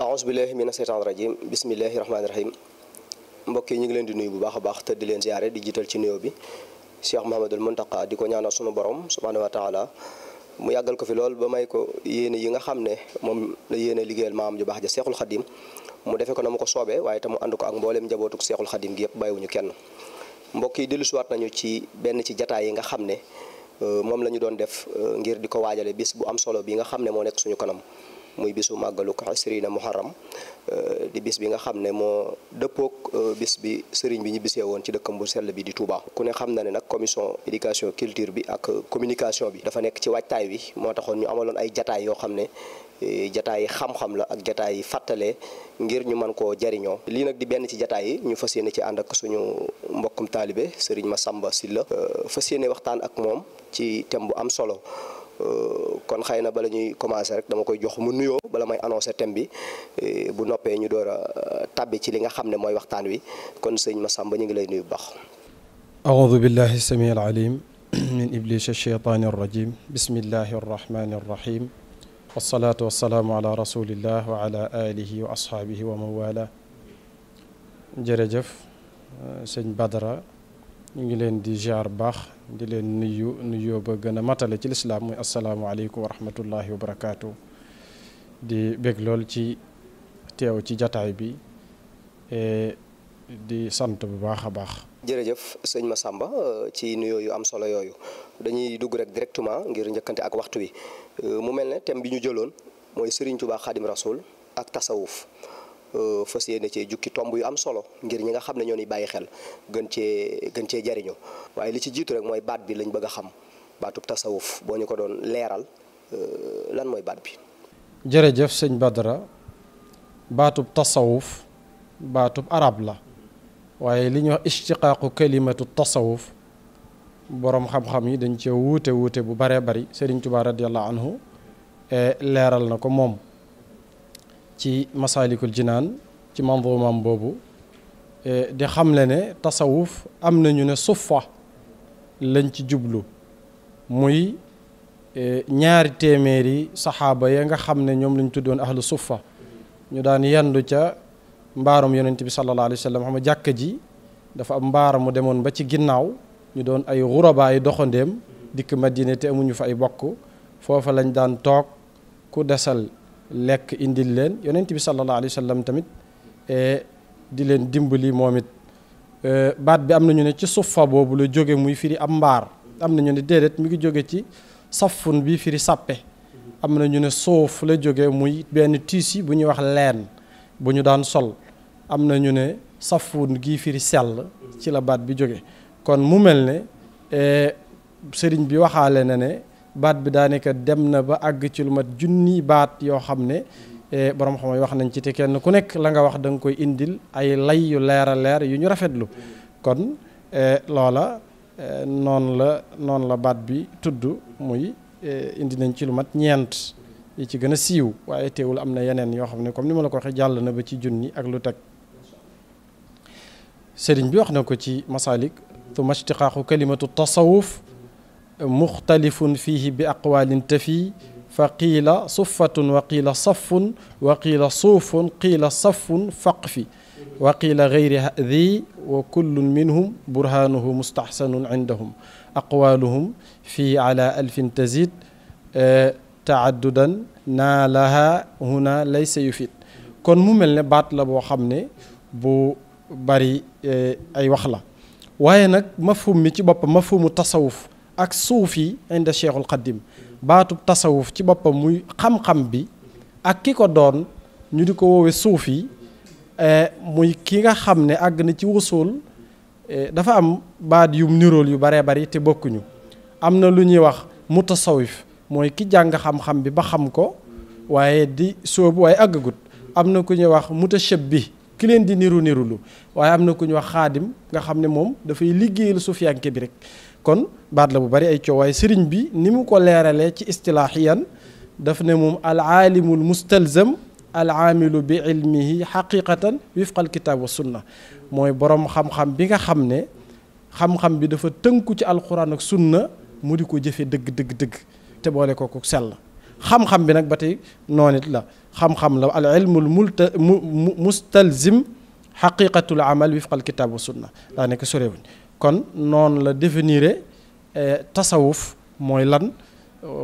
aouzu billahi mina seytaan rajim bismillahi rahmaani rahim mbokk yi ñu ngi leen di nuyu bu baax a baax tëdd leen ziare di jiital ci nuyoo bi Cheikh Mouhamadul Mountakha di ko ñaanal suñu borom subhaanahu wa taala mu yàggal ko fi lool ba may ko yéene yi nga xam ne moom la yéene liggéeyal maam ju baax ja Seexul Xadim mu defee ko na mu ko soobee waaye te mu ko ak mbooleem njabootuk Seexul Xadim gi yëpp bàyyiwuñu kenn mbokk yi dellu siwaat nañu ci benn ci jataay yi nga xam ne euh, moom la ñu doon def euh, ngir di ko waajale bis bu am solo bi nga xam ne moo nekk suñu kanam muy bisu màggalu ko isrina muharram euh, di bis bi nga xam ne moo dëppook euh, bis bi sëriñ bi ñu bisee woon ci dëkkam bu sell bi di Touba. ku ne xam na ne nag commission éducation culture bi ak communication bi dafa nekk ci waajtaay wi moo taxoon ñu amaloon ay jataay yoo xam ne e, jataay xam-xam la ak jataay yi fàttale ngir ñu mën ko jariñoo lii nag di benn ci jataay yi ñu fas yéene ci ànd ak suñu mbokkum taalibe sëriñ Massamba Sylla euh, fas yéene waxtaan ak moom ci thème bu am solo Euh, kon xëy na bala ñuy commencer rek dama koy jox mu nuyoo bala may annoncer thème bi euh, bu noppee ñu door a euh, tàbbi ci li nga xam ne mooy waxtaan wi kon sëñ Massamba ñu ngi lay nuyu bu baax aoudu billahi samii alalim min iblis alcheytaani arrajim bismillahi arrahmani wa ala alihi wa ashaabihi wa man wala jërëjëf ñu ngi leen di jaar baax di leen nuyu nuyoo ba gën a matale ci lislaam muy asalaamualeykum wa rahmatullahi wa barakaatu. di bég lool ci teew ci jataay bi e di sant bu baax a baax. jërëjëf sëñ Massamba e, ci nuyoo yu am solo yooyu dañuy dugg rek directement ngir njëkkante ak waxtu wi e, mu mel ne thème bi ñu jëloon mooy Serigne Touba Khadim Rasoul ak tasawuf Euh, fas yéene cee jukki tomb yu am solo ngir ñi nga xam ne ñoo ni bàyyi xel gën cee gën cee jariñu waaye li ci jiitu rek mooy baat bi lañ bëgg a xam baatub tasawuf boo ñu ko doon leeral euh, lan mooy baat bi. jërëjëf sëñ Badara baatub tasawuf baatub arab la waaye li ñuy wax ishtiqaaqu kalimatu tasawuf boroom xam-xam yi dañ cee wuute wuute bu baree bari Serigne Touba radiyallahu anhu eh, leeral na ko moom. ci masaalikul jinaan ci manzuumaam boobu e, di xamle ne tasawuf am nañu ne suffa lañ ci jublu muy e, ñaari téeméeri saxaaba ya nga xam ne ñoom lañ tuddoon ahlu suffa ñu daan yendu ca mbaarum yonent bi sallallahu alayhi wa sallam xam jàkka ji dafa am mbaar mu demoon ba ci ginnaaw ñu doon ay xurabaa yi doxandeem dikk madine te amuñu fa ay bokk foofa lañ daan toog ku desal lekk indil leen yonent bi sallallahu alayhi wa sallam tamit e, di leen dimbali moom it e, baat bi am nañu ne ci suffa boobu la jóge muy firi ab mbaar am na ñu ne déedéet mi ngi jóge ci safun bi firi sàppe am na ñu ne suuf la jóge muy benn tissu bu ñuy wax leen bu ñu daan sol am na ñu ne safun gii firi sell ci la baat bi jóge kon mu mel ne e, sëriñ bi waxaale na ne baat bi daanaka dem na ba àgg ci lu mat junni baat yoo xam ne e, borom xam wax nañ ci te kenn ku nekk la nga wax da nga koy indil ay lay yu leer a leer yu ñu rafetlu kon e, loola e, noon la noon la baat bi tudd muy indi nañ ci lu mat ñeent yi ci gën a siiw waaye teewul am na yeneen yoo xam ne comme ni ma la ko waxee jàll na ba ci junni ak lu teg sëriñ bi wax na ko ci masalik tu mashtiqaaxu kalimatu tasawuf muxtalifun fiihi bi aqwaalin tafi fa qiila suffatun wa qiila saffun wa qiila suufun qiila saffun faqfi wa qiila gayri di wa kullun minhum burhaanuhu mustaxsanun indahum aqwaaluhum fii ala alfin tazid e, taaddudan naa laha huna laysa yufid kon mu mel ne baat la boo xam ne bu bari e, ay wax la waaye nag mafhum mi ci boppam mafhumu tasawuf ak suufi inda cheikhul xadim baatub tasawuf ci boppam muy xam-xam bi ak ki ko doon ñu di ko woowe suufi eh, muy ki nga xam ne àgg na ci wusul eh, dafa am baat yu nirool yu baree bari te bokkuñu am na lu ñuy wax mutasawif mooy ki jàng xam-xam bi ba xam ko waaye di sóobu waaye àggagut am na ku ñuy wax bi ki leen di niru nirulu waaye am na ku ñu wax xaadim nga xam ne moom dafay liggéeyal suufiyanke bi rek kon baat la bu bari ay coowaay sëriñ bi ni mu ko leeralee ci istilaahiyan daf ne moom al aalimu al mustalzam al aamilu bi ilmihi xaqiqatan wifqa al kitaab wa mooy borom xam bi nga xam ne xam bi dafa tënku ci alquran ak sunna mu di ko jëfe dëgg te boole ko ku sell xam bi nag ba tey noonu it la xam la al ilmul multa mu mustalzim xaqiqatul amal wifqa al kitaab wa sunna daa nekk sorewuñ kon noonu la définiré eh, tasawuf mooy lan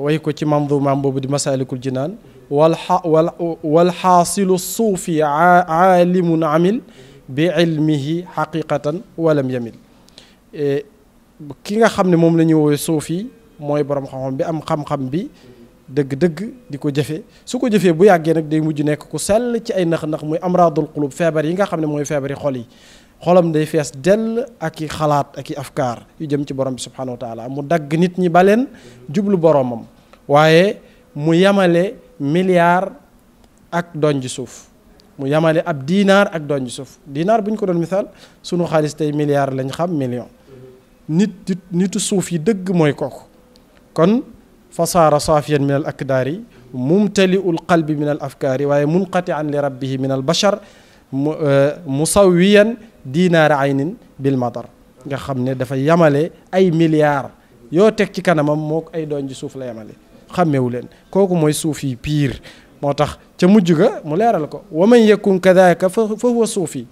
way ko ci mandumaam bi di masaalikul jinaan wal wal wal xaasilu suufi aalimun amil bi ilmihi xaqiqatan walam yamil eh, ki nga xam ne moom la ñuy woowee suufi mooy borom xam-xam bi am xam-xam bi dëgg-dëgg di ko jëfe su ko jëfee bu yàggee nag day mujj nekk ku sell ci ay nax-nax muy amraadul qulub feebar yi nga xam ne mooy feebari yi xol yi xolam day fees dell ak i xalaat ak i afkaar yu jëm ci borom bi subhanahu wa mu dagg nit ñi baleen jublu boromam waaye mu yamale milliard ak donji suuf mu yamale ab dinaar ak donji suuf diinaar bu ñu ko doon misaal sunu xaalis tey milliard lañ xam million nit nitu suuf yi dëgg mooy kooku kon fasaara saafiyan min al akdaari mumtaliul qalbi min al afkaari waaye munqatian li rabbihi min al bashar Euh, musawiyan diinaara aynin bil madar nga xam ne dafa yamale ay milliards yoo teg ci kanamam moo ay doon ji suuf la yamale xàmmewu leen kooku mooy suuf yi piir moo tax ca mujj ga mu leeral ko wa man yakun kadaka fa huwa suufi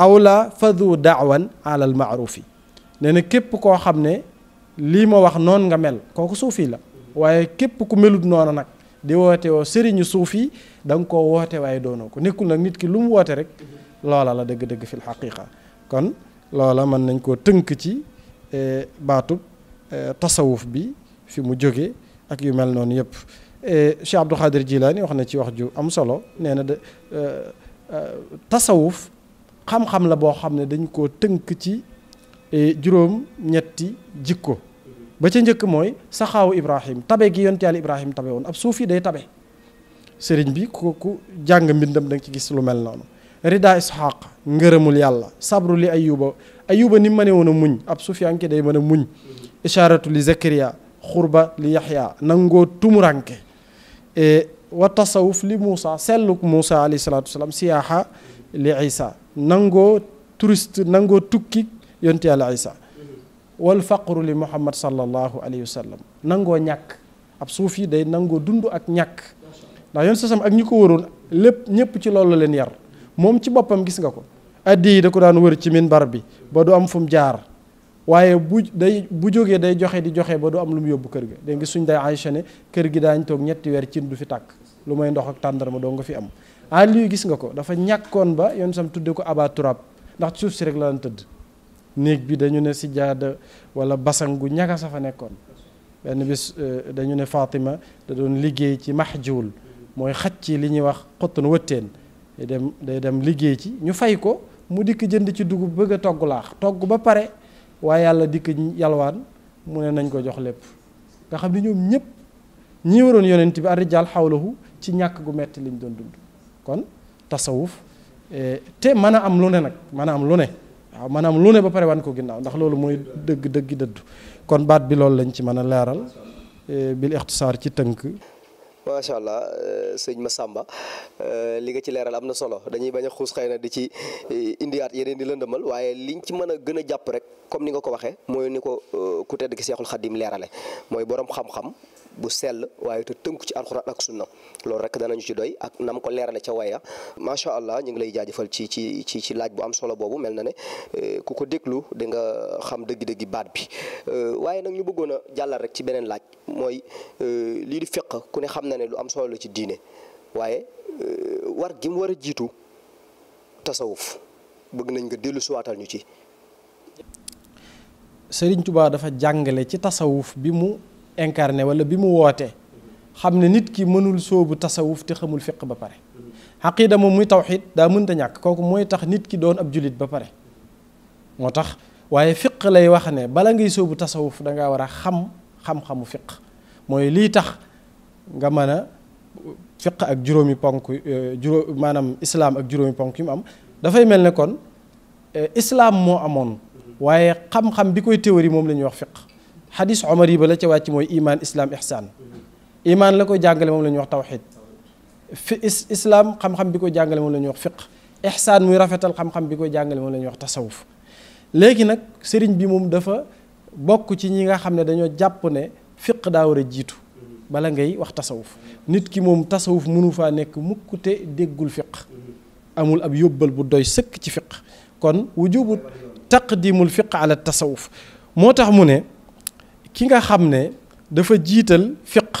awla fa fadu daawan ala al maarufi nee na képp koo xam ne lii ma wax noonu nga mel kooku suuf suufi la waaye képp ku melut noonu nag di woote woo sëriñu suuf yi danga ko koo woote waaye doonoo ko nekkul nag nit ki lu mu woote rek loola la dégg dégg fil xaqiqa kon loola mën nañ koo tënk ci e, baatub e, tasawuf bi fi mu jóge ak yu mel noonu yëpp e, Cheikh jii Khadir ni wax na ci wax ju am solo nee na de tasawuf xam-xam la boo xam ne dañ koo tënk ci juróom ñetti jikko ba ca njëkk mooy saxaawu Ibrahim tabe gi yonent yàlla Ibrahim tabe woon ab suufi day tabe sëriñ bi ku ku jàng mbindam da ci gis lu mel noonu rida Isxaaq ngërëmul yàlla sabru li ayuba ayuba ni mëne woon a muñ ab suufiyanke day mën a muñ ishaaratu li Zakariya xurba li Yaxya nangoo tumuranke e, wa tasawuf li Muusa selluk Muusa alayhi salaatu wasalaam siyaaxa li Isa nangoo touriste nangoo tukki yonent yàlla Isa wal faqru li muhammad sallallahu alayhi wa sallam nangoo ñàkk ab suuf yi day nangoo dund ak ñàkk ndax yoon sasam ak ñi ko wëroon lépp ñëpp ci loolu la leen yar moom ci boppam gis nga ko addi yi da ko daan wër ci min minbar bi ba du am fu jaar waaye bu day bu jógee day joxe di joxe ba du am lu mu yóbbu kër gi dégg suñ day Aïcha kër gi daañ toog ñetti weer cin du fi tàkk lu may ndox ak tàndarma doo nga fi am Aliou gis nga ko dafa ñàkkoon ba yoon sam tudde ko Aba Turab ndax suuf rek la tëdd néeg bi dañu ne si jaada wala basan gu ñagas a fa nekkoon benn bis euh, dañu ne Fatima da doon liggéey ci maxjuul mooy xaj ci li ñuy wax xottun wëtteen day dem day dem liggéey ci ñu fay ko mu dikk jënd ci dugub bëgg a togg laax togg ba pare waaye yàlla dikk yalwaan mu ne nañ ko jox lépp nga xam ne ñoom ñëpp ñi waroon yonent bi arrijaal xawlahu ci ñàkk gu metti liñ doon dund kon tasawuf euh, te mën a am lu ne nag mën a am lu ne waaw maanaam lu ne ba pare wan ko ginnaaw ndax loolu mooy dëgg dëgg dëddu kon baat bi loolu lañ ci mën a leeral eh, bil ixtisaar ci tënk macha allah eh, sëñ Massamba eh, li nga ci leeral am na solo dañuy bañ a xuus xëy na di ci indi indiwaat yeneen di lëndëmal waaye liñ ci mën a gën a jàpp rek comme ni nga ko waxee mooy ni ko ku tedd ki Seexul Xaddim leerale mooy boroom xam-xam bu sell waaye te tënku ci alxuraan ak sunna loolu rek danañu ci doy ak nam ko leerale ca waya macha allah ñu ngi lay jaajëfal ci ci ci ci laaj bu am solo boobu mel na ne eh, ku ko déglu di xam dëgg-dëggi baat bi eh, waaye nag ñu bëggoon jàllal rek ci beneen laaj mooy eh, lii di fiq ku ne xam na ne lu am solo la ci diine waaye war gi mu war a jiitu tasawuf bëgg nañ nga dellu suwaatal ñu ci Sëriñ Tuubaa dafa jàngale ci tasawuf bi mu incarné wala bi mu wootee xam ne nit ki mënul soobu tasawuf te xamul fiq ba pare xaqiida moom muy tawxid daa mënta ñàkk kooku mooy tax nit ki doon ab julit ba pare moo tax waaye fiq lay wax ne bala ngay sóobu tasawuf da ngaa war a xam xam-xamu fiq mooy lii tax nga mën a fiq ak juróomi ponk euh, juróom maanaam islaam ak juróomi ponk yu mu am dafay mel ne kon euh, islaam moo amoon waaye xam-xam bi koy théorie moom la ñuy wax fiq xadis omar yi la ca wàcc mooy imaan islam ihsaan imaan la ko jàngale moom la ñuy wax tawxid fi islam xam-xam bi ko jàngale moom la ñuy wax fiq ihsaan muy rafetal xam-xam bi ko jàngale moom la ñuy wax tasawuf léegi nag sëriñ bi moom dafa bokk ci ñi nga xam ne dañoo jàpp ne fiq daa war a jiitu bala ngay wax tasawuf nit ki moom tasawuf mënu faa nekk mukk te déggul fiq amul ab yóbbal bu doy sëkk ci fiq kon wujubu taqdimul fiq ala tasawuf moo tax mu ne ki nga xam ne dafa jiital fiq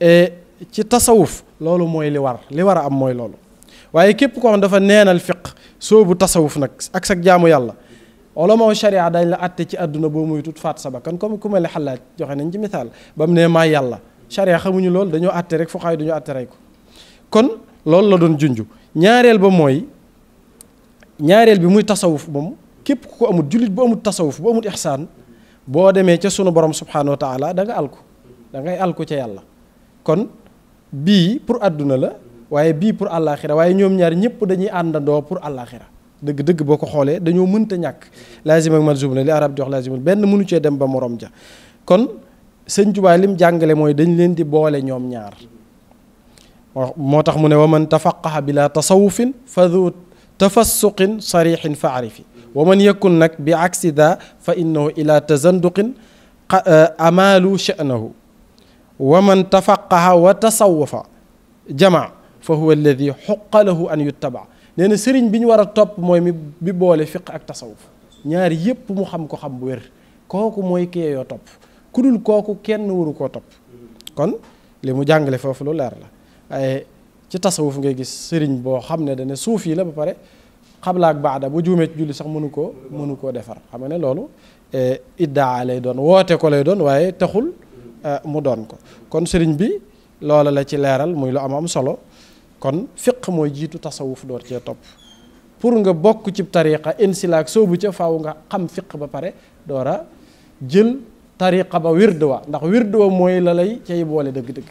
et ci tasawuf loolu mooy li war li war a am mooy loolu waaye képp koo xam dafa neenal fiq bu tasawuf nag ak sa jaamu yàlla ulama sharia dañ la àtte ci àdduna boo muy tut faat sa bakkan comme ku mel ne xalaat joxe nañ ci misaal ba mu ne maa yàlla sharia xamuñu loolu dañoo àtte rek fu xaay duñu àtte rey ko kon loolu la doon junj ñaareel ba mooy ñaareel bi muy tasawuf moom képp ku ko amul jullit bu amul tasawuf bu amul ixsaan boo demee ca sunu borom subhanahu wa taala da nga alku da ngay alku ca yàlla kon bii pour àdduna la waaye bii pour àllaaxira waaye ñoom ñaar ñëpp dañuy àndandoo pour àllaaxira dëgg-dëgg boo ko xoolee dañoo mënta ñàkk laazim ak malzum la li arab di wax laazimul benn mënu cee dem ba moroom ja kon sëñ Tuubaa lim jàngale mooy dañ leen di boole ñoom ñaar moo tax mu ne wa man tafaqaha bila tasawufin fa du tafassuqin sarixin fa arifi wa man yakun nag bi aksi da fa innahu ila tazanduqin eh, amaalu sha'nahu wa man tafaqaha wa tasawafa jamaa fa huwa alladi xuqa lahu an yuttaba nee na sëriñ bi ñu war a topp mooy bi boole fiq ak tasawuf ñaar yépp mu xam ko xam bu wér kooku mooy kee topp ku dul kooku kenn waru koo topp kon li mu jàngale foofu lu leer la waaye ci tasawuf ngay gis sëriñ boo xam ne dana suuf yi la ba pare xabla baada bu juumee ci julli sax mënu koo mënu koo defar xam nga ne loolu eh, iddaa lay doon woote ko lay doon waaye taxul eh, mu doon ko kon sëriñ bi loola la ci leeral muy lu am am solo kon fiq mooy jiitu tasawuf door cee topp pour nga bokk ci tariqa insilaak bu ca faw nga xam fiq ba pare door a jël tariqa ba wird ndax wird mooy la lay cay boole dëgg-dëgg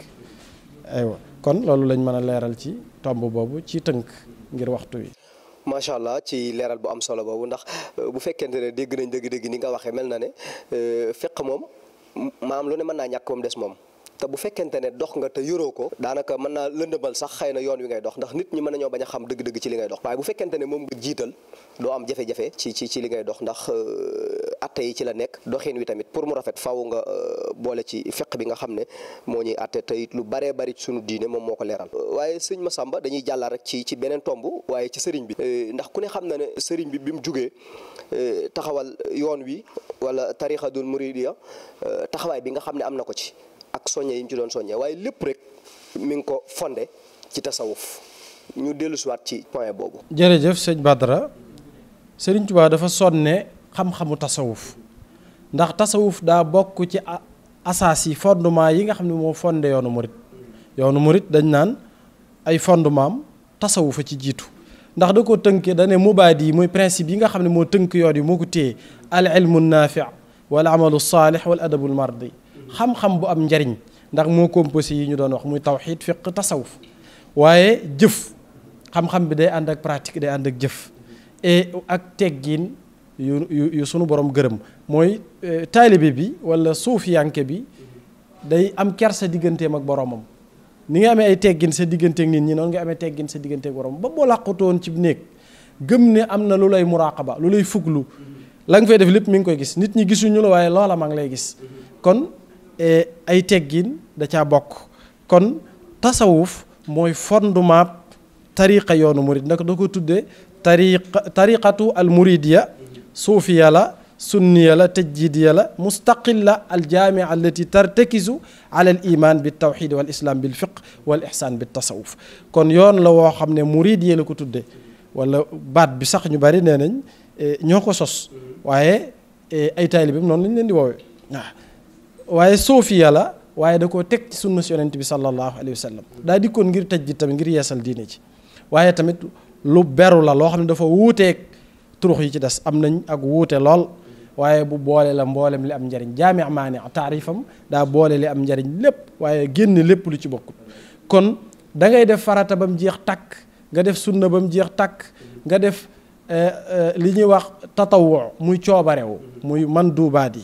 aywa kon loolu lañ mën a leeral ci tomb boobu ci tënk ngir waxtu wi macha allah ci leeral bu am solo boobu ndax euh, bu fekkente ne dégg nañ dëgg-dëgg ni nga waxee mel na ne euh, fekk moom maam lu ne mën naa ñàkk moom des moom. te bu fekkente ne dox nga te yoroo ko daanaka mën naa lëndëmal sax xëy na yoon wi ngay dox ndax nit ñi mën nañoo bañ a xam dëgg-dëgg ci li ngay dox waaye bu fekkente ne moom nga doo am jafe ci ci ci li ngay dox ndax euh, atte yi ci la nekk doxin wi tamit pour mu rafet faaw nga euh, boole ci feq bi nga xam ne moo ñuy atte te it lu baree bari ci sunu diine moom moo ko leeral waaye sëñ Massamba dañuy jàlla rek ci ci beneen tomb waaye ci sëriñ bi euh, ndax ku ne xam na ne sëriñ bi bi mu jógee taxawal yoon wi wala tarixa dul muridiya taxawaay bi nga xam ne am na ko ci ak soññe yi ñu ci doon soññe waaye lépp rek mi ngi ko fonde ci tasawuf ñu dellu siwaat ci point boobu. jërëjëf sëñ Badara Sëriñ Tuubaa dafa sonne xam-xamu tasawuf ndax tasawuf daa bokk ci asaas yi fondement yi nga xam ne moo fonde yoonu murit yoonu murit dañ naan ay fondement am tasawufa ci jiitu ndax da ko tënkee da ne mubaad yi mooy principe yi nga xam ne moo tënk yoon yi moo ko téye al ilmu naafi wal amalu saalih wal adabul mardi xam-xam bu am njariñ ndax moo composé yi ñu doon wax muy tawxiid fiq tasawuf waaye jëf xam-xam bi day ànd ak pratique day ànd ak jëf e ak teggiin yu sunu borom gërëm mooy e, taalibe bi wala suufiyanke bi day am kersa digganteem ak boromam ni nga amee ay teggin sa digganteeg nit ñi noonu nga amee teggin sa digganteeg boromam ba boo làqutoon ci néeg gëm ne am na lu lay muraqaba lu lay fuglu la nga fay def lépp mu ngi koy gis nit ñi gisuñu waaye loola ma ngi lay gis Eh, ay teggiin da caa bokk kon tasawuf mooy fondement tariqa yoonu murid nag da ko tuddee tariqa tariqatu al muridiya suufiya la sunniya la tajdidiya la mustaqilla al jaamia allati tartakisu ala al imaan bi tawxid wal islam bil fiq wal ihsan bi kon yoon la woo xam ne muridiya la ko tuddee wala baat bi sax ñu bari nee nañ eh, ñoo ko sos waaye eh, ay taalibeem noonu lañ leen di woowee waaye soofiya la waaye da koo teg ci sunna si yonent bi sallallahu alayhi wa sallam daa dikkoon ngir tëj ji tamit ngir yeesal diine ci waaye tamit lu beru la loo xam ne dafa wuuteek turux yi ci des am nañ ak wuute lool waaye bu boole la mboolem li am njariñ jaami maani taarifam daa boole li am njariñ lépp waaye génn lépp lu ci bokkut kon da ngay def farata ba mu jeex takk nga def sunna ba mu jeex takk nga def eh, eh, li ñuy wax tatawoo muy coobarewu muy man duubaat yi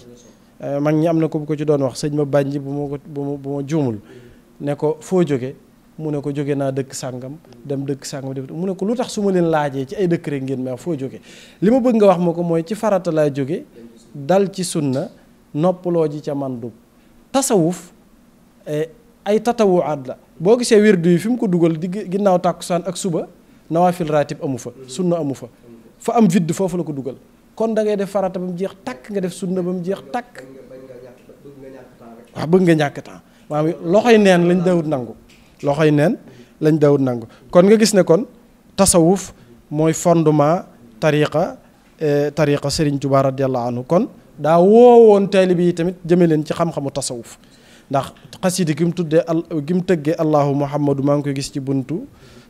Euh, mag ñi am na ku ko ci doon wax sëñ ma bànji bu ma ko bu ma bu ma juumul ne ko foo jóge mu ne ko jóge naa dëkk sàngam dem dëkk sàngam dem mu ne ko lu tax su ma leen laajee ci ay dëkk rek ngeen may foo jóge li ma bëgg nga wax ma ko mooy ci farata laa jóge dal ci sunna noppaloo ji ca man dub tasawuf eh, ay tatawu aad la boo gisee wirdu yi fi mu ko dugal digg ginnaaw tàkkusaan ak suba nawaafil raatib amu fa sunna amu fa fa am vidd foofu la ko dugal kon da ngay def farata ba mu jeex takk nga def sunna ba mu jeex takk waaw bëgg nga ñàkk temps maanaam loxoy neen lañ dawut nangu loxoy neen lañ dawut nangu kon nga gis ne kon tasawuf mooy fondement tariqa eh, tariqa Serigne Touba radiallahu anhu kon daa woowoon taalibe yi tamit jëme leen ci xam-xamu tasawuf ndax xasida ki mu tuddee al gi mu tëggee allahu muhammadu maa ngi koy gis ci buntu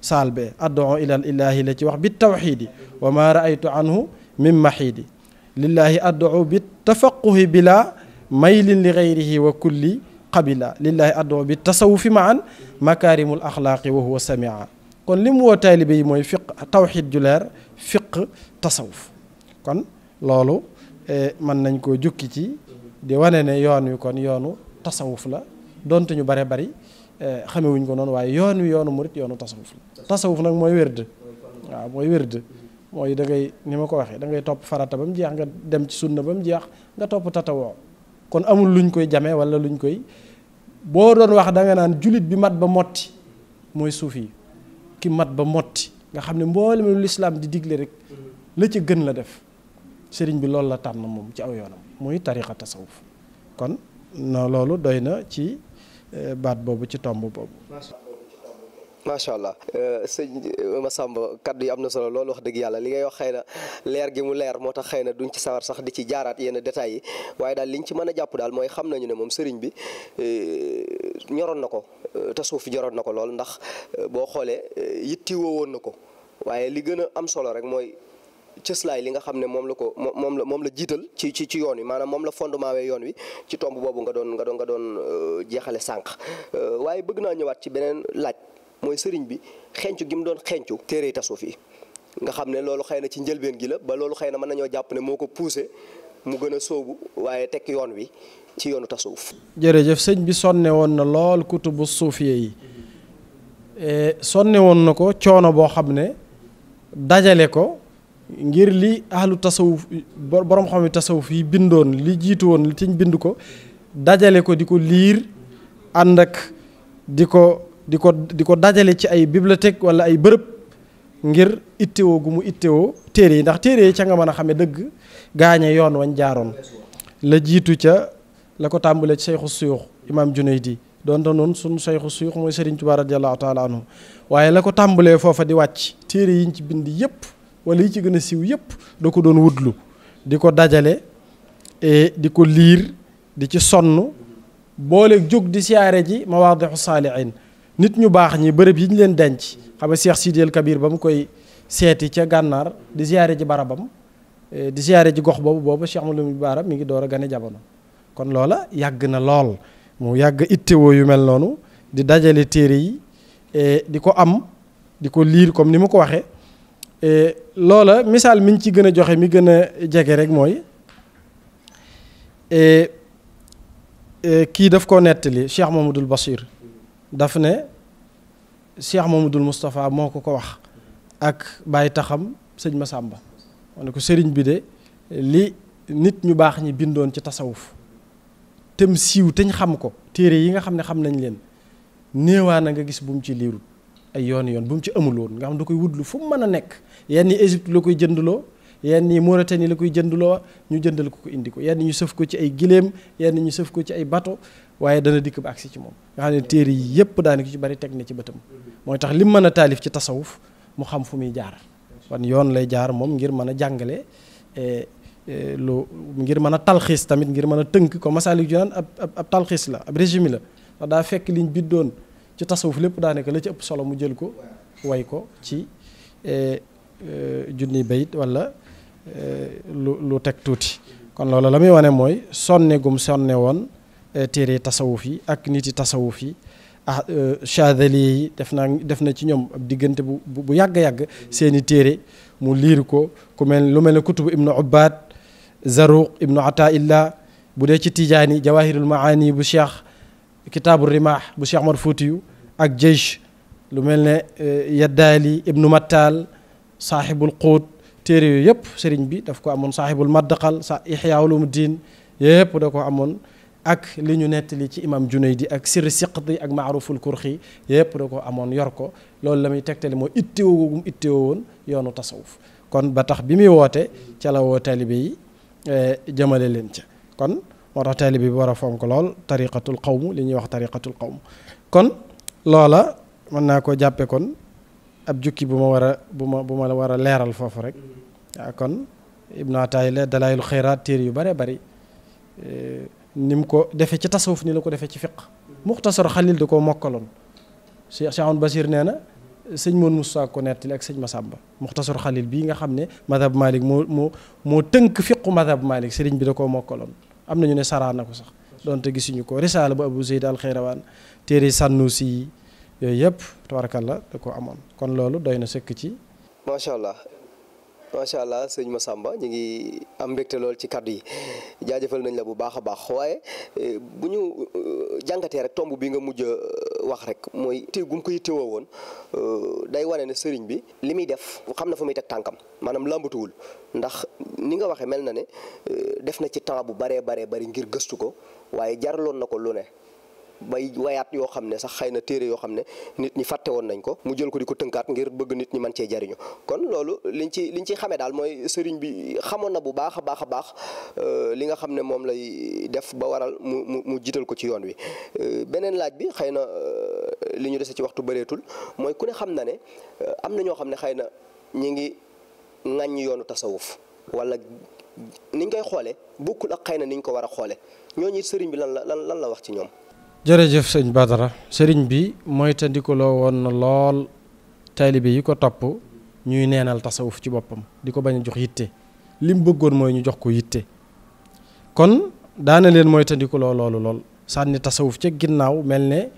saal be ad'u ilal ilaahi la ci wax bi tawxiidi wa ma raaytu anhu min maxiidi lillaahi addoo bi tafaquhi bila maylin li gayrihi wa kulli qabila lillaahi addoo bi tasawufi ma an makaarimul axlaaqi wa huwa samia kon li woo taalibe yi mooy fiq tawxid ju leer fiq tasawuf kon loolu eh, mën nañ koo jukki ci di wane ne yoon wi kon yoonu tasawuf la donte ñu bare bari eh, xamewuñ ko noonu waaye yoon wi yoonu murit yoonu tasawuf la tasawuf nag mooy wérd waaw mooy wérd mooy da ngay ni ma ko waxee dangay topp farata ba mu jeex nga dem ci sunna ba mu jeex nga topp tatawoo kon amul lu luñ koy jamee wala luñ koy boo doon wax da nga naan julit bi mat ba motti mooy suuf yi ki mat ba motti nga xam ne mboolem lu lislaam di digle rek la ca gën la def sëriñ bi loolu la na moom ci aw yoonam muy tariqa tasawuf kon na loolu doy na ci eh, baat boobu ci tomb boobu macha allah euh, sëñ euh, Massamba kaddu yi am na solo loolu wax dëgg yàlla li ngay wax xëy na leer gi mu leer moo tax xëy na duñ ci sawar sax di ci jaaraat yenn détails yi waaye daal li liñ ci mën a jàpp daal mooy xam nañu ne moom sëriñ bi euh, ñoroon na ko te suuf ñoroon na ko lool ndax boo xoolee yittiwoo woon na ko waaye li gën a am solo rek mooy. cëslaay li nga xam ne moom la ko moom la moom la jiital ci ci ci yoon wi maanaam moom la fondement wee yoon wi ci tomb boobu nga doon nga doon nga doon jeexale sànq waaye bëgg naa ñëwaat ci beneen laaj mooy sëriñ bi xencu gi mu doon xencu téere tasawuf yi nga xam ne loolu xëy na ci njëlbeen gi la ba loolu xëy na mën nañoo jàpp ne moo ko poussé mu gën a sóobu waaye tekk yoon wi ci yoonu tasawuf jërëjëf sëñ bi sonne woon na lool kutubu suufiye yi e, sonne na ko coono boo xam ne dajale ko ngir li ahlu tasawuf borom xam ne tasawuf bindoon li jiitu woon li ci bind ko dajale ko di ko liir ànd ak di ko di ko di ko dajale ci ay bibliothèque wala ay bërëb ngir ittewoo gu mu ittewoo téere yi ndax téere yi ca nga mën a xamee dëgg gaañe yoon wañ jaaroon la jiitu ca la ko tàmbalee ci Seyxu Suyuux imaam Junaydi donte noonu suñ Seyxu Suyuux mooy Serigne Touba radiyallahu taala anhu waaye la ko tàmbalee foofa di wàcc téere yiñ ci bind yépp wala yi ci gën a siiw yépp da ko doon wutlu di ko dajale e, di ko liir di ci sonn boole jóg di siyaare ji mawaadixu saalihin nit ñu baax ñi bërëb yi ñu leen denc xam nga Cheikh Sidiyel Kabir ba mu koy seeti ca gànnaar di ziyaare ji barabam eh, di ziyaare ji gox boobu boobu Cheikh Mouhamadou Bara mi ngi door a gane jamono kon loola yàgg na lool mu yàgg ittewoo yu mel noonu di dajale téere yi eh, di ko am di ko liir comme ni mu ko waxee eh, loola misaal mi ñu gën a joxe mi gën a jege rek mooy kii daf koo nettali Cheikh Mouhamadoul Bachir dafa ne Cheikh Mamadou Moustapha moo ko ko wax ak bàyyi taxam sëñ ma sàmba ne ko sëriñ bi de li nit ñu baax ñi bindoon ci tasawuf tem siiw te ñu xam ko téere yi nga xam ne xam nañ leen néewaa na nga gis bu mu ci liiru ay yoon yoon bu mu ci amul woon nga xam da koy wutlu fu mu mën a nekk yenn yi Égypte la koy jëndaloo yenn yi Mauritanie la koy jëndaloo ñu jëndal ko ko indi ko yenn ñu sëf ko ci ay giléem yenn ñu sëf ko ci ay bato waaye dana dikk ba agsi ci moom nga xam ne téere yi yëpp daanaka ci bari teg na ci bëtam mooy tax lim mën a taalif ci tasawuf mu xam fu muy jaar wan yoon lay jaar moom ngir mën a jàngale eh, eh, lu ngir mën a talxiis tamit ngir mën a tënk ko Masaalikul Jinaan ab ab talxiis la ab régime la daa fekk liñ biddoon ci tasawuf lépp daanaka la ci ëpp solo mu jël ko woy ko ci eh, junni bayit wala lu lu teg tuuti kon loolu la muy wane mooy sonne gum sonne woon Euh, téere tasawuf yi ak nit yi tasawuf yi ah Chadali euh, yi def naa def na ci ñoom diggante bu bu yàgg-yàgg seeni téere mu liir ko ku mel lu mel ne kutubu ibnu Ubbad Zaruq ibnu Ataillah bu dee ci Tijaani Jawahirul Maani bu Cheikh kitaabu Rimah bu Cheikh Mar ak Jeysh lu mel ne euh, Yaddaali ibnu Mattaal saaxibul Quut téere yooyu yëpp sëriñ bi daf ko amoon saaxibul Maddaqal sa Ihyaa Ulumuddin yëpp da ko amoon ak li ñu nettali ci imam Junaydi ak sirri siqti ak maaruful kurxi yëpp da ko amoon yor ko loolu la muy tegtali moo itteewoo itteewoo woon yoonu tasawuf kon ba tax bi muy woote ca la woo taalibe yi eh, jëmale leen ca kon moo tax taalibe bi war a fonk lool tariqatul qawm li ñuy wax tariqatul qawm kon loola mën naa ko jàppe kon ab jukki bu ma war a bu ma bu ma war a leeral foofu rek waaw kon ibnu ataay la dalaayul yu bare bari eh, ni mu ko defee ci tasawuf ni la ko defee ci fiq muxtasar xalil da koo mokkaloon Cheikh Ahmad Basir nee na sëñ Moon Moussa ko nettali ak sëñ Masamba muxtasar xalil bii nga xam ne madhab Malik moo moo moo tënk fiqu madhab Malik sëriñ bi da koo mokkaloon am na ñu ne saraa ko sax donte gisuñu ko risaala bu Abu Zeyd al-Xayrawaan téere Sanusi yooyu yëpp tabarakallah da ko amoon kon loolu doy na sëkk ci macha allah macha allah sëñ Massamba ñu ngi am mbégte lool ci kaddu yi jaajëfal nañ la bu baax a baax waaye eh, bu ñu eh, jàngatee rek tomb bi nga mujj eh, wax rek mooy téye gum ko yittewoo woon day wane ne sëriñ bi li muy def xam na fa muy teg tànkam maanaam làmbatuwul ndax ni nga waxee mel na ne def na ci temps bu baree baree bari ngir gëstu ko waaye jaraloon na ko lu ne. bay wayaat yoo xam ne sax xëy na téere yoo xam ne nit ñi fàtte woon nañ ko mu jël ko di ko tënkaat ngir bëgg nit ñi mën cee jariñu kon loolu liñ ci liñ ci xamee daal mooy sëriñ bi xamoon na bu baax a baax a baax euh, li nga xam ne moom lay def ba waral mu mu mu jiital ko ci yoon wi euh, beneen laaj bi xëy na euh, li ñu dese ci waxtu bareetul mooy ku ne xam na ne am na ñoo xam ne xëy na ñi ngi ŋàññ yoonu tasawuf wala niñ koy xoolee bokkul ak xëy na niñ ko war a xoole ñooñu sëriñ bi lan lan lan la wax ci ñoom jërëjëf sëñ Badara sëriñ bi mooy tandikuloo woon na lool taalibe yi ko topp ñuy neenal tasawuf ci boppam di ko bañ a jox yitte li mu bëggoon mooy ñu jox ko yitte kon daana leen mooy tandikuloo loolu lool sànni tasawuf ca ginnaaw mel ne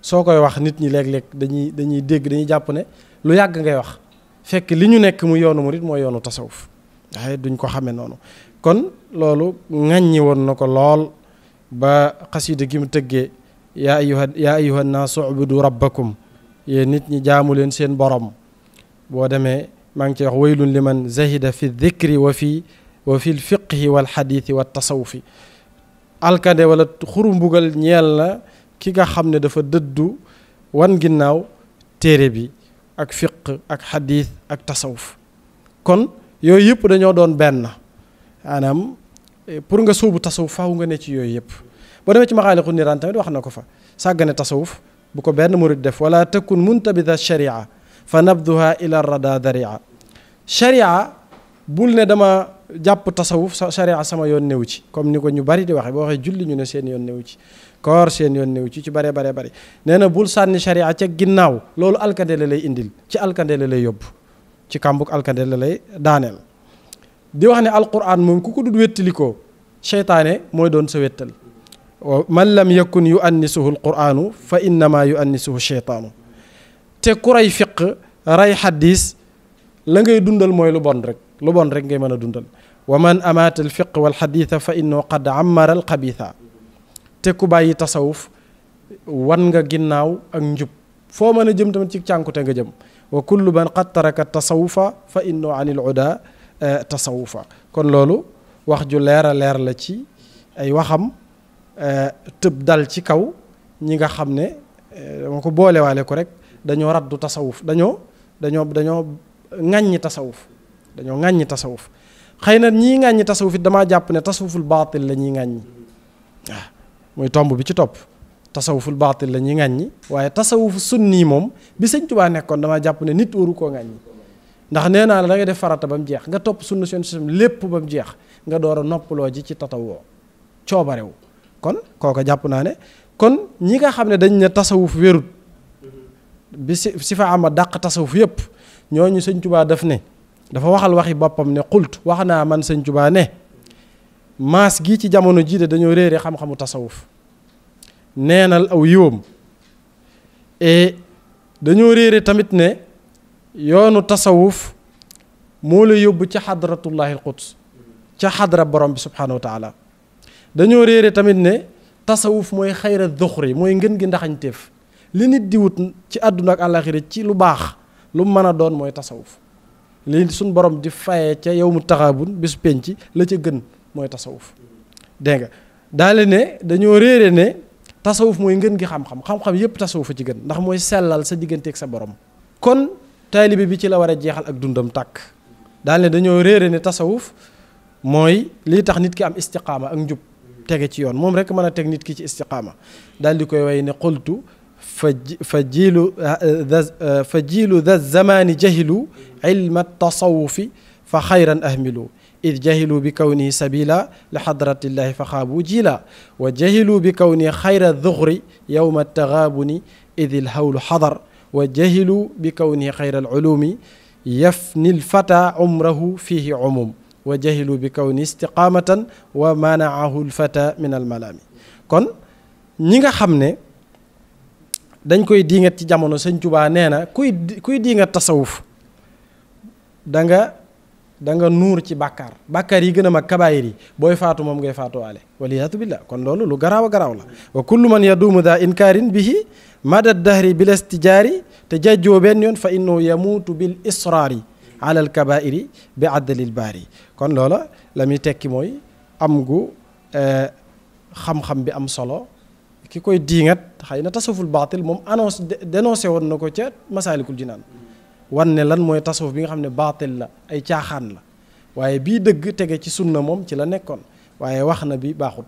soo koy wax nit ñi léeg-léeg dañuy dañuy dégg dañuy jàpp ne lu yàgg ngay wax fekk li ñu nekk mu yoonu murit mooy yoonu tasawuf waaye duñ ko xamee noonu kon loolu ŋàññi woon na ko lool ba xasida gi mu tëggee yaa ayuha yaa ayuha naasu ubudu rabbakum yéen nit ñi jaamu leen seen borom boo demee maa ngi ci wax waylun liman zahida fi dikri wa fi wa fi lfiqhi walxadithi wa tasawufi alkande wala xuru mbugal ñeel na ki nga xam ne dafa dëddu wan ginnaaw téere bi ak fiq ak xadith ak tasawuf kon yooyu yëpp dañoo doon benn maanaam eh, pour nga sóobu tasawuf faw nga ne ci yooyu yëpp boo demee ci maxaaliqu niraan tamit wax na ko fa sàggane tasawuf bu ko benn murid def wala takun muntabida sharia fa nabduha ila rada daria sharia bul ne dama jàpp tasawuf sharia sama yoon newu ci comme ni ko ñu bari di waxe boo waxee julli ñu ne seen yoon new ci koor seen yoon newu ci ci baree baree bari nee na bul sànni sharia ca ginnaaw loolu alkande lay indil ci alkande lay yóbbu ci kàmbuk alkande la lay daaneel di wax ne alquran mooy doon sa man lam yakun yu annisuhu alquraanu fa innama yu annisuhu cheytaanu te ku ray fiq ray xaddiis la ngay dundal mooy lu bon rek lu bon rek ngay mën a dundal wa man amaata alfiq walxadiisa fa innahu qad ammara alxabiisa te ku bàyyi tasawuf wan nga ginnaaw ak njub foo mën a jëm tamit ci cànku te nga jëm wa kullu man qad taraka tasawufa fa innahu an il uda eh, tasawufa kon loolu wax ju leer a leer la ci ay waxam Euh, tëb dal ci kaw ñi nga xam ne euh, dama ko boolewaale ko rek dañoo raddu tasawuf dañoo dañoo dañoo ŋàññi tasawuf dañoo ŋàññi tasawuf xëy na ñii ŋàññi tasawuf it damaa jàpp ne tasawuful baatil la ñuy ŋàññi waaw tomb bi ci topp tasawuful baatil la ñuy ŋàññi waaye tasawuf sunni moom bi sëñ Tubaa nekkoon damaa jàpp ne nit waru koo ŋàññi ndax nee naa la da def farata ba mu jeex nga topp sunna seen système lépp ba jeex nga door a noppaloo ji ci tatawoo coobarewu kon kooka jàpp naa ne kon ñi nga xam ne dañ ne tasawuf wérut bi si si fa ama dàq tasawuf yépp ñooñu sëñ Tubaa daf ne dafa waxal wax waxi boppam ne xult wax naa man sëñ Tubaa ne maas gii ci jamono jii de dañoo réere xam-xamu tasawuf neenal aw yiwam et dañoo réere tamit ne yoonu tasawuf moo la yóbbu ci xadratullahil quds ca xadra borom bi subhanahu dañoo réere tamit ne tasawuf mooy xayra doxri mooy ngën gi ndaxañteef li nit di wut ci àdduna ak àllaaxira ci lu baax lu mën a doon mooy tasawuf li suñ borom di fayee ca yow mu taxaabun bisu penc la ca gën mooy tasawuf dégg nga daale ne dañoo réere ne tasawuf mooy ngën gi xam-xam xam-xam yépp ci gën ndax mooy sellal sa digganteeg sa borom kon taalibe bi ci la war a jeexal ak dundam tàkk daal dañoo réere ne tasawuf mooy lii tax nit ki am istiqaama ak njub tege ci yoon moom rek mën a teg nit ki ci istiqaama daal di koy way ne qultu fa fa jiilu fa jiilu da zamaani jahilu ilma tasawufi fa xayran ahmilu id jahilu bi kawnihi sabila li xadratillahi fa xaabu jiila wa jahilu bi kawni xayra duxri yowma taxaabuni id ilhawlu xadar wa jahilu bi kawnihi xayra alulumi yafni lfata umrahu fihi umum wa jahilu bi kawni istiqaamatan wa manaahu lfata min almalami kon ñi nga xam ne dañ koy diingat ci jamono sëñ Tubaa nee na kuy kuy diingat tasawuf da nga da nga nuur ci bàkkaar bàkkaar yi gën a mag kabaayir yi booy faatu moom ngay faatu waale waliyaatu billah kon loolu lu garaaw a garaaw la wa kullu man yaduumu daa inkaarin bihi madad dahri bil istijaari te jajjoo benn yoon fa innahu yamuutu bil israari alal kabairi bi baar yi kon loola la muy tekki mooy am gu eh, xam-xam bi am solo ki koy diingat xay na tasawuful baatil moom annonce dénoncé woon na ko ca masaalikul jinaan wan ne lan mooy tasawuf bi nga xam ne baatil la ay caaxaan la waaye bii dëgg tege ci sunna moom ci la nekkoon waaye wax na bi baaxut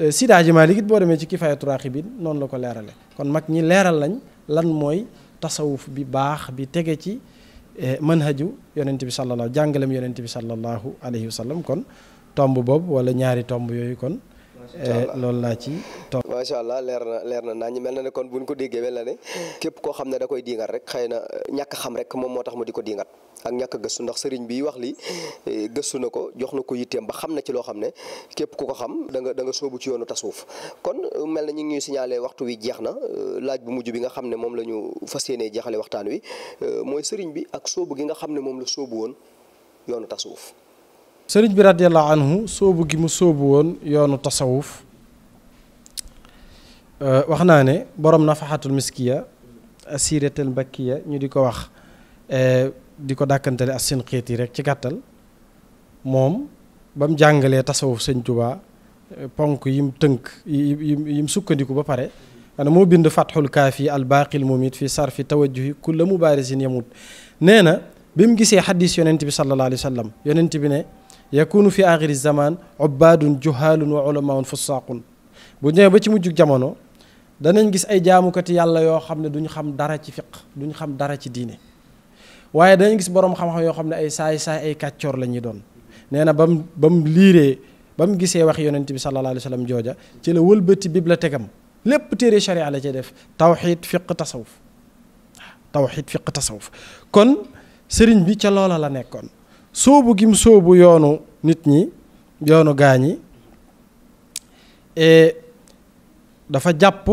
eh, Sida Hadj Malick it boo demee ci kifaayatu raaxibiin noonu la ko leerale kon mag ñi leeral lañ lan mooy tasawuf bi baax bi tege ci man e, manhaju yonent bi sallallahu jàngalem yonent bi sallallahu alayhi wa sallam kon tomb boobu wala ñaari tomb yooyu kon Eh, loolu laa ci topp macha allah leer na leer na naa ñi mel na ne kon bu buñ ko déggee mel na ne képp koo xam ne da koy diingat rek xëy na eh, ñàkk xam rek moom moo tax ma di ko diingat ak ñàkk gëstu ndax sëriñ bi wax li eh, gëstu na ko jox na ko yitteem ba xam na ci loo xam ne képp ku ko xam da nga da nga soobu ci yoonu tasuuf kon mel na ñu ngi ñuy signalé waxtu wi jeex na laaj bu mujj bi nga xam ne moom la ñu fas yéenee jeexale waxtaan wi mooy sëriñ bi ak soobu gi nga xam ne moom la soobu woon yoonu tasuuf sëriñ bi radiallahu anhu sóobu gi mu sóobu woon yoonu tasawuf euh, wax naa ne boroom nafaxatul miskiya asiratul bakkiya ñu di ko wax euh, di ko dàkkantale as seen xeet yi rek ci gàttal moom ba mu jàngalee tasawuf sëñ Tuubaa euh, ponk yim tënk yim sukkandiku ba pare ana moo bind fatxul kaafi albaqil mumit fi sarfi tawajjuhi kulla mubaarisin yamut nee na bi mu gisee xadis yonent bi sallallahu alayhi wa sallam yonent bi ne yakunu fi axiri zaman ubbaadun juhaalun wa ulamaun fusaaqun bu ñëwee ba ci mujjug jamono danañ gis ay jaamukati yàlla yoo xam ne duñ xam dara ci fiq duñ xam dara ci diine waaye danañ gis boroom xam-xam yoo xam ne ay saay saay ay kàccoor la ñuy doon nee na ba mu ba mu liiree ba mu gisee wax yonent bi sallallahu alayhi wa sallam jooja ci la wëlbati bibliothèque am lépp téere charia la cay def tawxiid fiq tasawuf tawxiid fiq tasawuf kon sëriñ bi ca loola la nekkoon sóobu gim sóobu yoonu nit ñi yoonu gaa ñi e dafa jàpp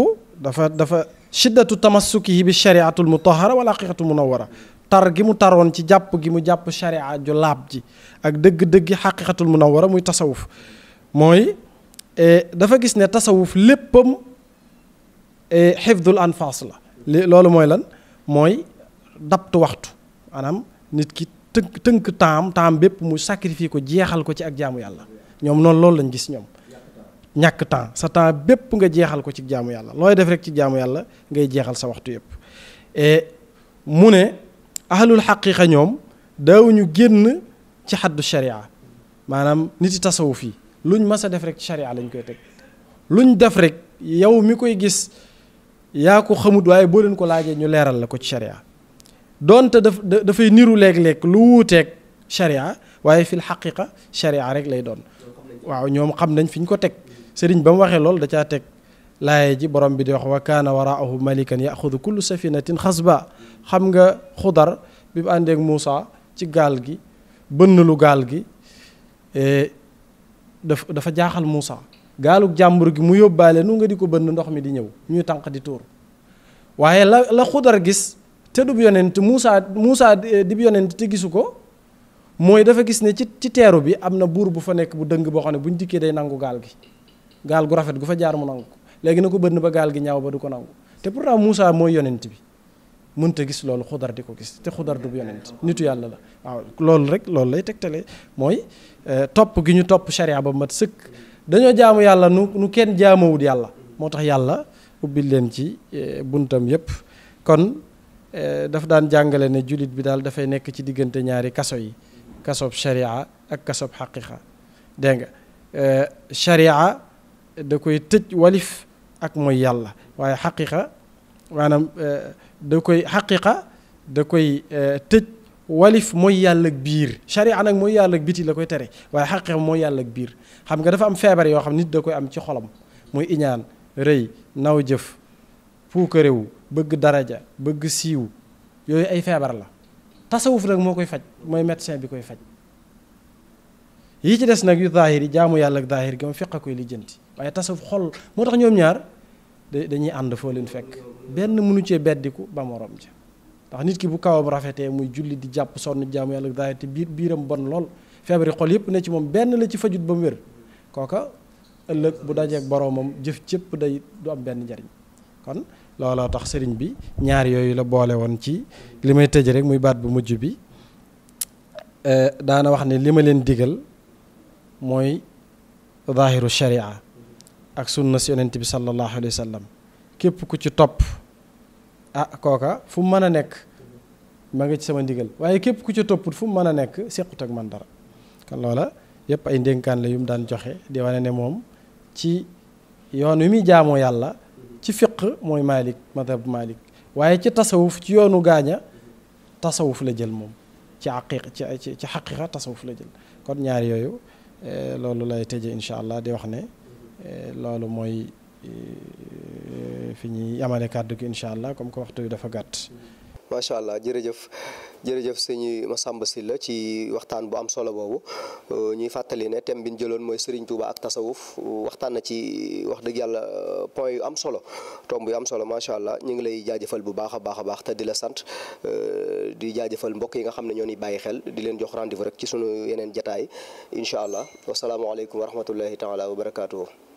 dafa dafa shiddatu tamassukihi bi shariatul mutahara wala haqiqatu munawara tar gi mu taroon ci jàpp gi mu jàpp sharia ju laab ji ak dëgg-dëgg haqiqatul munawara muy tasawuf mooy e dafa gis ne tasawuf léppam xifdul e anfas la loolu mooy lan mooy dabtu waxtu maanaam nit ki tënk tënk temps temps bépp mu sacrifier ko jeexal ko ci ak jaamu yàlla ñoom noonu loolu lañ gis ñoom ñàkk temps sa temps bépp nga jeexal ko ci jaamu yàlla looy def rek ci jaamu yàlla ngay jeexal sa waxtu yëpp e mu ne ahlul xaqiqa ñoom daawuñu génn ci xaddu sharia maanaam nit yi tasawuf yi luñ mas a def rek ci sharia lañ koy teg luñ def rek yow mi koy gis yaa ko xamut waaye boo leen ko laajee ñu leeral la ko ci sharia donte daf dafay niru leek léeg lu wuuteeg sharia waaye fil xaqiqa sharia rek lay doon waaw ñoom xam nañ fi ñu ko teg sëriñ ba mu waxee loolu da caa teg laaye ji borom bi di wax wa kaana waraahu malikan yaxudu kullu safinatin xasba xam nga xudar bi mu àndeek muusa ci gaal gi bënn lu gaal gi e, daf dafa jaaxal Moussa gaalug jàmbur gi mu yóbbaale nu nga di ko bënn ndox mi di ñëw ñuy tànq di tuur waaye la xudar gis te du yonent Moussa Moussa eh, di yonent te gisu ko mooy dafa gis ne ci ci teeru bi am na buur bu fa nekk bu dëng boo xam ne bu ñu dikkee day nangu gaal gi gaal gu rafet gu fa jaar mu nangu ko léegi na ko bënn ba gaal gi ñaaw ba du ko nangu te pour pourtant Moussa mooy yonent bi te gis loolu xudar di ko gis te xudar du yonent nitu yàlla la waaw loolu rek loolu lay tegtale mooy eh, topp gi ñu topp charia ba mat sëkk dañoo jaamu yàlla nu nu kenn jaamawut yàlla moo tax yàlla ubbil leen ci eh, buntam yépp Eh, dafa daan jàngale ne jullit bi daal dafay nekk ci diggante ñaari kaso yi kasob sharia ak kasob xaqiqa dégg nga eh, sharia da koy tëj walif ak mooy yàlla waaye xaqiqa maanaam eh, da koy xaqiqa da koy tëj walif mooy yàlla ak biir sharia nag mooy yàlla ak biti la koy tere waaye xaqiqa mooy yàlla ak biir xam nga dafa am feebar yoo xam nit da koy am ci xolam muy iñaan rëy naw jëf puukarewu bëgg daraja bëgg siiw yooyu ay feebar la tasawuf nag moo koy faj mooy médecin bi koy faj yi ci des nag yu zaahir yi jaamu yàlla ak zaahir gi moom fiq a koy lijjanti waaye tasawuf xol moo tax ñoom ñaar dañuy ànd foo leen fekk benn mënu ci beddiku ba morom ja ndax nit ki bu kawam rafetee muy julli di jàpp sonn jaamu yàlla ak zaahir te biir biiram bon lool feebari xol yépp ne ci moom benn la ci fajut ba mu wér kooka ëllëg bu dajeek boroomam jëf cëpp day du am benn njariñ looloo tax sëriñ bi ñaar yooyu la boole woon ci li may tëj rek muy baat bu mujj bi euh, daana wax ne li ma leen digal mooy zahiru sharia ak sunna si yonent bi sallallahu alayhi wa képp ku ci topp ah kooka fu mën a nekk ma ngi ci sama ndigal waaye képp ku ci topput fu mu mën a nekk sequt ak man dara kon loola yëpp ay ndénkaan la yu mu daan joxe di wane ne moom ci yoon wi muy jaamoo yàlla ci fiq mooy Malik madhab Malik waaye ci tasawuf ci yoonu gaaña tasawuf la jël moom ci aqiq ci ay ci xaqiqa tasawuf la jël kon ñaar yooyu eh, loolu lay tëje incha allah di wax ne eh, loolu mooy eh, fi ñuy yamale kàddu gi incha allah comme que waxtu wi dafa gàtt macha allah jërëjëf jërëjëf sëñ Massamba Sylla ci waxtaan bu am solo boobu euh, ñuy fàttali ne thème bi ñu jëloon mooy Serigne Touba ak tasawuf waxtaan na ci wax dëgg yàlla euh, point yu am solo tomb yu am solo macha allah ñu ngi lay jaajëfal bu baax a baax a baax te di la sant euh, di jaajëfal mbokk yi nga xam ne ñoo ni bàyyi xel di leen jox rendez-vous rek ci sunu yeneen jataay incha allah wasalaamualeykum wa rahmatullahi taala wa barakaatuhu